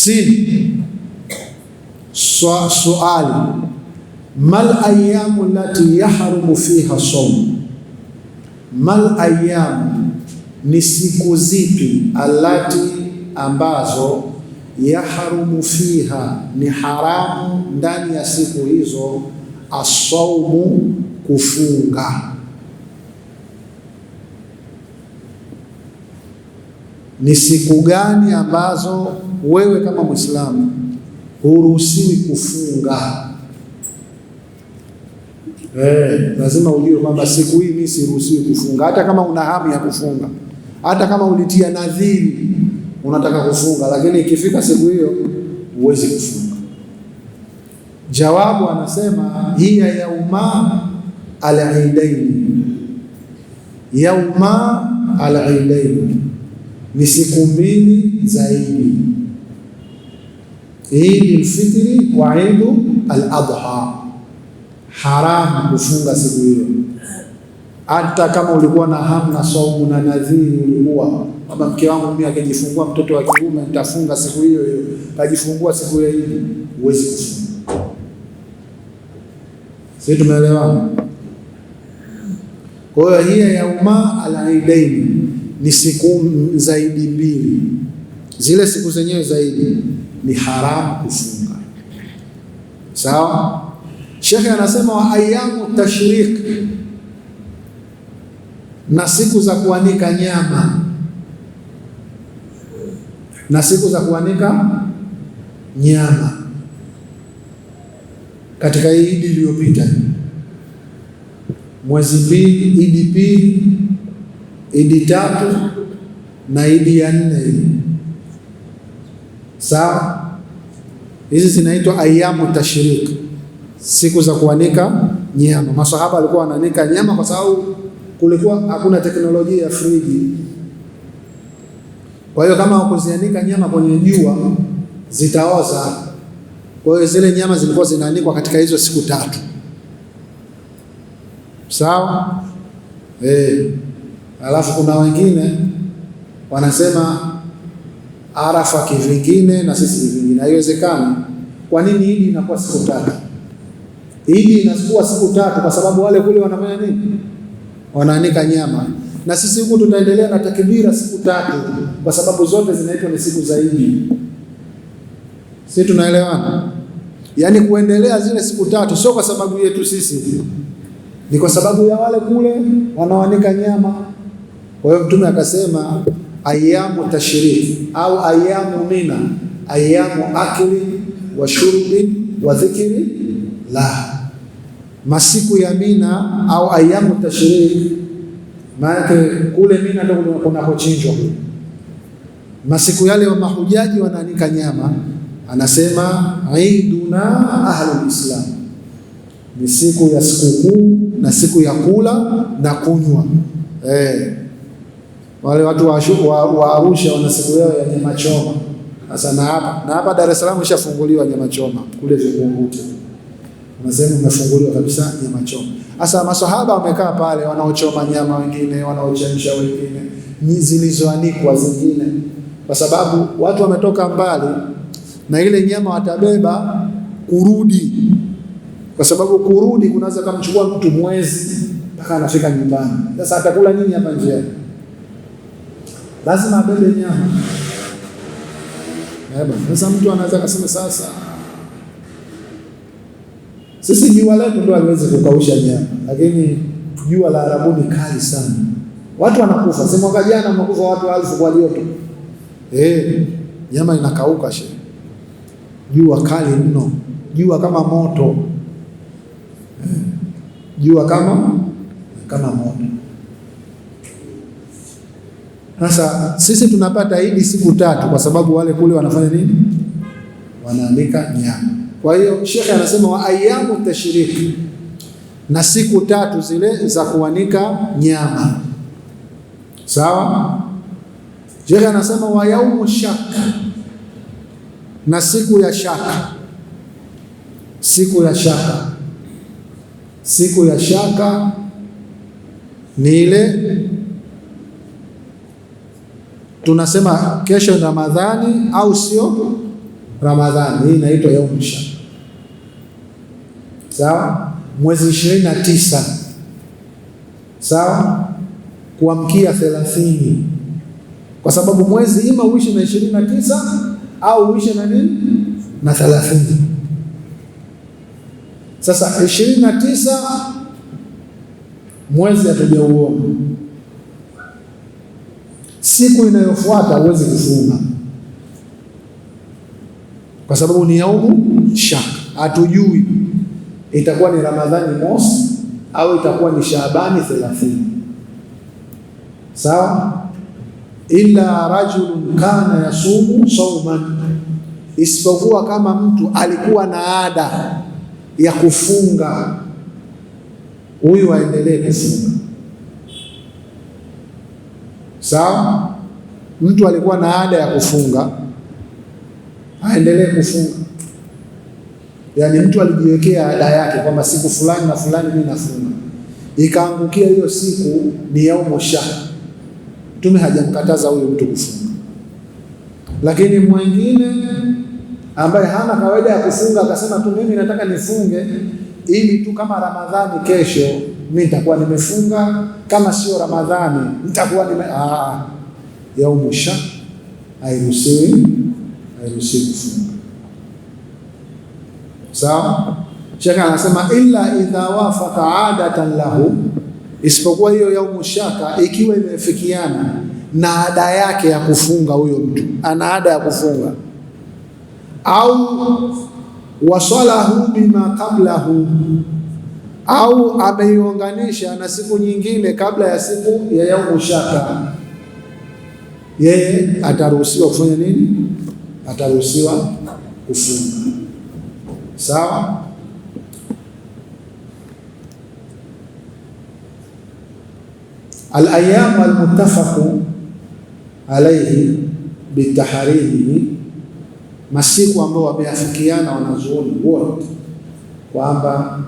Sili suali mal ayamu lati yahrumu fiha somu, mal ayamu ni siku zipi? Alati ambazo yahrumu fiha ni haramu ndani ya siku hizo asaumu kufunga ni siku gani ambazo wewe kama Mwislamu huruhusiwi kufunga? Eh, lazima ujue kwamba siku hii mimi siruhusiwi kufunga, hata kama una hamu ya kufunga, hata kama ulitia nadhiri unataka kufunga, lakini ikifika siku hiyo huwezi kufunga. Jawabu anasema hiya yauma alaidaini yauma ala idaini ni siku mbili zaidi. ni lfitri wa idu al-adha, haramu kufunga siku hiyo, hata kama ulikuwa na hamu na saumu na nadhiri, ulikuwa kama mke wangu mimi akijifungua mtoto wa kiume nitafunga siku hiyo hiyo, kajifungua siku ya Idi, huwezi kufunga. Sisi tumeelewana? Kwa hiyo hiya ya umma alaidaini ni siku zaidi mbili. Zile siku zenyewe zaidi ni haramu kufunga. Sawa, shekhe anasema wa ayamu tashriq, na siku za kuanika nyama na siku za kuanika nyama katika hii Idi iliyopita mwezi B, Idi pili idi tatu na idi ya nne hii. Sawa, hizi zinaitwa ayamu tashrik, siku za kuanika nyama. Masahaba walikuwa wanaanika nyama kwa sababu kulikuwa hakuna teknolojia ya friji. Kwa hiyo kama wakuzianika nyama kwenye jua zitaoza. Kwa hiyo zile nyama zilikuwa zinaanikwa katika hizo siku tatu. Sawa, eh. Alafu kuna wengine wanasema Arafa kivingine na sisi vingine, haiwezekani. Kwa nini Idi inakuwa siku tatu? Idi inakuwa siku tatu kwa sababu wale kule wanafanya nini? Wanaanika nyama, na sisi huku tunaendelea na takbira siku tatu, kwa sababu zote zinaitwa ni siku za Idi. Sisi tunaelewana? Yaani kuendelea zile siku tatu sio kwa sababu yetu sisi, ni kwa sababu ya wale kule wanaoanika nyama kwa hiyo Mtume akasema ayamu tashrik au ayamu mina, ayamu akli wa shurbi wa dhikri la, masiku ya Mina au ayamu tashrik maana kule Mina ndio kunakochinjwa. Masiku yale wa mahujaji wanaanika nyama, anasema iduna ahlulislam islam ni siku ya sikukuu na siku ya kula na kunywa eh. Wale watu wa, wa, wa Arusha wana siku yao ya nyama choma. Sasa na hapa na hapa Dar es Salaam ishafunguliwa nyama choma kule Vingunguti. Kuna sehemu imefunguliwa kabisa nyama choma. Sasa maswahaba wamekaa pale wanaochoma nyama wengine, wanaochemsha wengine, zilizoanikwa zingine. Kwa sababu watu wametoka mbali na ile nyama watabeba kurudi. Kwa sababu kurudi kunaweza kumchukua mtu mwezi mpaka anafika nyumbani. Sasa atakula nini hapa njiani? lazima abebe nyama. Eh, sasa mtu anaweza kusema sasa sisi jua letu ndo aliwezi kukausha nyama, lakini jua la Arabuni kali sana, watu wanakufa. Si mwaka jana mkufa watu elfu kwa joto eh, nyama inakauka. She jua kali mno, jua kama moto, eh, jua kama kama moto. Sasa sisi tunapata Idi siku tatu, kwa sababu wale kule wanafanya nini? Wanaandika nyama. Kwa hiyo shekhe anasema wa ayamu tashriki, na siku tatu zile za kuanika nyama. Sawa. Shekhe anasema wa yaumu shaka, na siku ya shaka, siku ya shaka, siku ya shaka ni ile tunasema kesho ni Ramadhani au sio Ramadhani? Hii inaitwa yaumu shak. Sawa, mwezi ishirini na tisa sawa, kuamkia thelathini, kwa sababu mwezi ima uishi na ishirini na tisa au uishi na nini na thelathini. Sasa ishirini na tisa mwezi hatujauona siku inayofuata huwezi kufunga kwa sababu ni yaumu shak, hatujui itakuwa ni Ramadhani mosi au itakuwa ni Shaabani thelathini. Sawa, illa rajulun kana yasumu sauman, isipokuwa kama mtu alikuwa na ada ya kufunga, huyu aendelee kufunga Sawa, mtu alikuwa na ada ya kufunga aendelee kufunga, yaani mtu alijiwekea ada yake kwamba siku fulani na fulani mimi nafunga, ikaangukia hiyo siku ni yaumu shahri, Mtume hajamkataza huyo mtu kufunga. Lakini mwingine ambaye hana kawaida ya kufunga akasema tu mimi nataka nifunge ili tu kama Ramadhani kesho mimi nitakuwa nimefunga, kama sio Ramadhani nitakuwa nime ah, ah, ah. yaumu shak hairuhusiwi, hairuhusiwi kufunga. Sawa, shekhe anasema illa idha wafaka adatan lahu, isipokuwa hiyo yaumu shaka ikiwa imefikiana na ada yake ya kufunga. Huyo mtu ana ada ya kufunga au wasalahu bima qablahu au ameiunganisha na siku nyingine kabla ya siku ya yaumu shaka, yeye ataruhusiwa kufanya nini? Ataruhusiwa kufunga. Sawa. Alayamu almutafaku alaihi bitaharimihi, masiku ambayo wameafikiana wanazuoni wote kwamba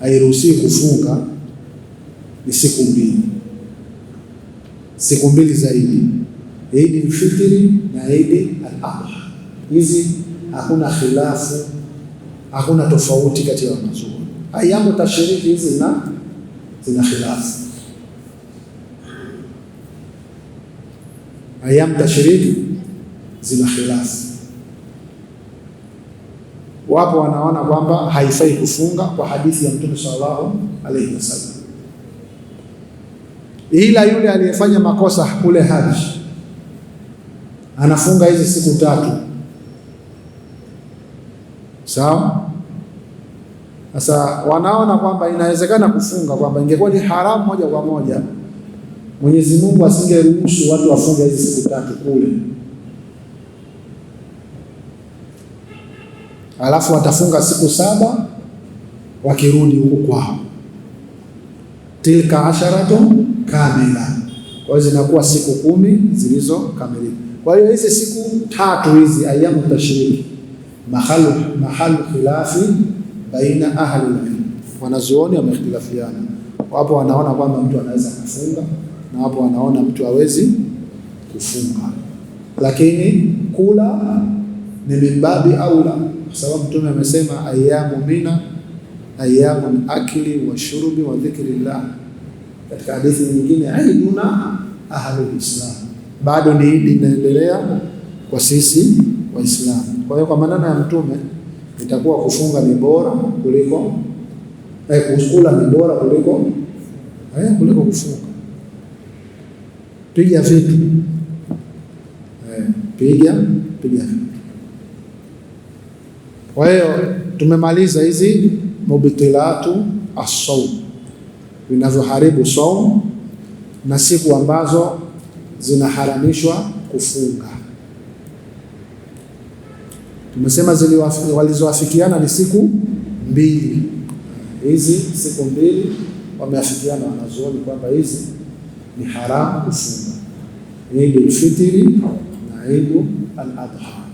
hairuhusiwi kufunga ni siku mbili, siku mbili zaidi, Eid al na Eid al-Adha. Hizi hakuna khilafu, hakuna tofauti kati ya wanazuoni. Ayamu tashiriki hizi zina zina khilafu. Ayamu tashiriki zina khilafu wapo wanaona kwamba haifai kufunga kwa hadithi ya Mtume sallallahu alaihi wasallam, ila yule aliyefanya makosa kule haji anafunga hizi siku tatu, sawa. Sasa wanaona kwamba inawezekana kufunga, kwamba ingekuwa ni haramu moja kwa moja, Mwenyezi Mungu asingeruhusu watu wafunge hizi siku tatu kule alafu watafunga siku saba wakirudi huku kwao, tilka asharatu kamila, kwa hiyo zinakuwa siku kumi zilizokamilika. Kwa hiyo hizi siku tatu hizi ayamu tashriki mahalu mahalu khilafi baina ahli ilm, wanazuoni wamehtilafiana. Wapo wanaona kwamba mtu anaweza kufunga na wapo wanaona mtu hawezi kufunga, lakini kula ni mimbabi aula kwa sababu Mtume amesema ayamu mina ayamu akli wa shurubi wa dhikrillah. Katika hadithi nyingine aiduna ahlul islam, bado ni idi inaendelea kwa sisi Waislamu. Kwa hiyo kwa maneno ya Mtume itakuwa kufunga ni bora kuliko eh, kula ni bora kuliko eh, kuliko kufunga. Piga vitu eh, piga piga kwa hiyo tumemaliza hizi mubtilatu as-sawm, vinavyoharibu saum na siku ambazo zinaharamishwa kufunga. Tumesema walizoafikiana ni siku mbili, hizi siku mbili wameafikiana wanazuoni kwamba hizi ni haramu kufunga, Idul Fitri na Idul Adha.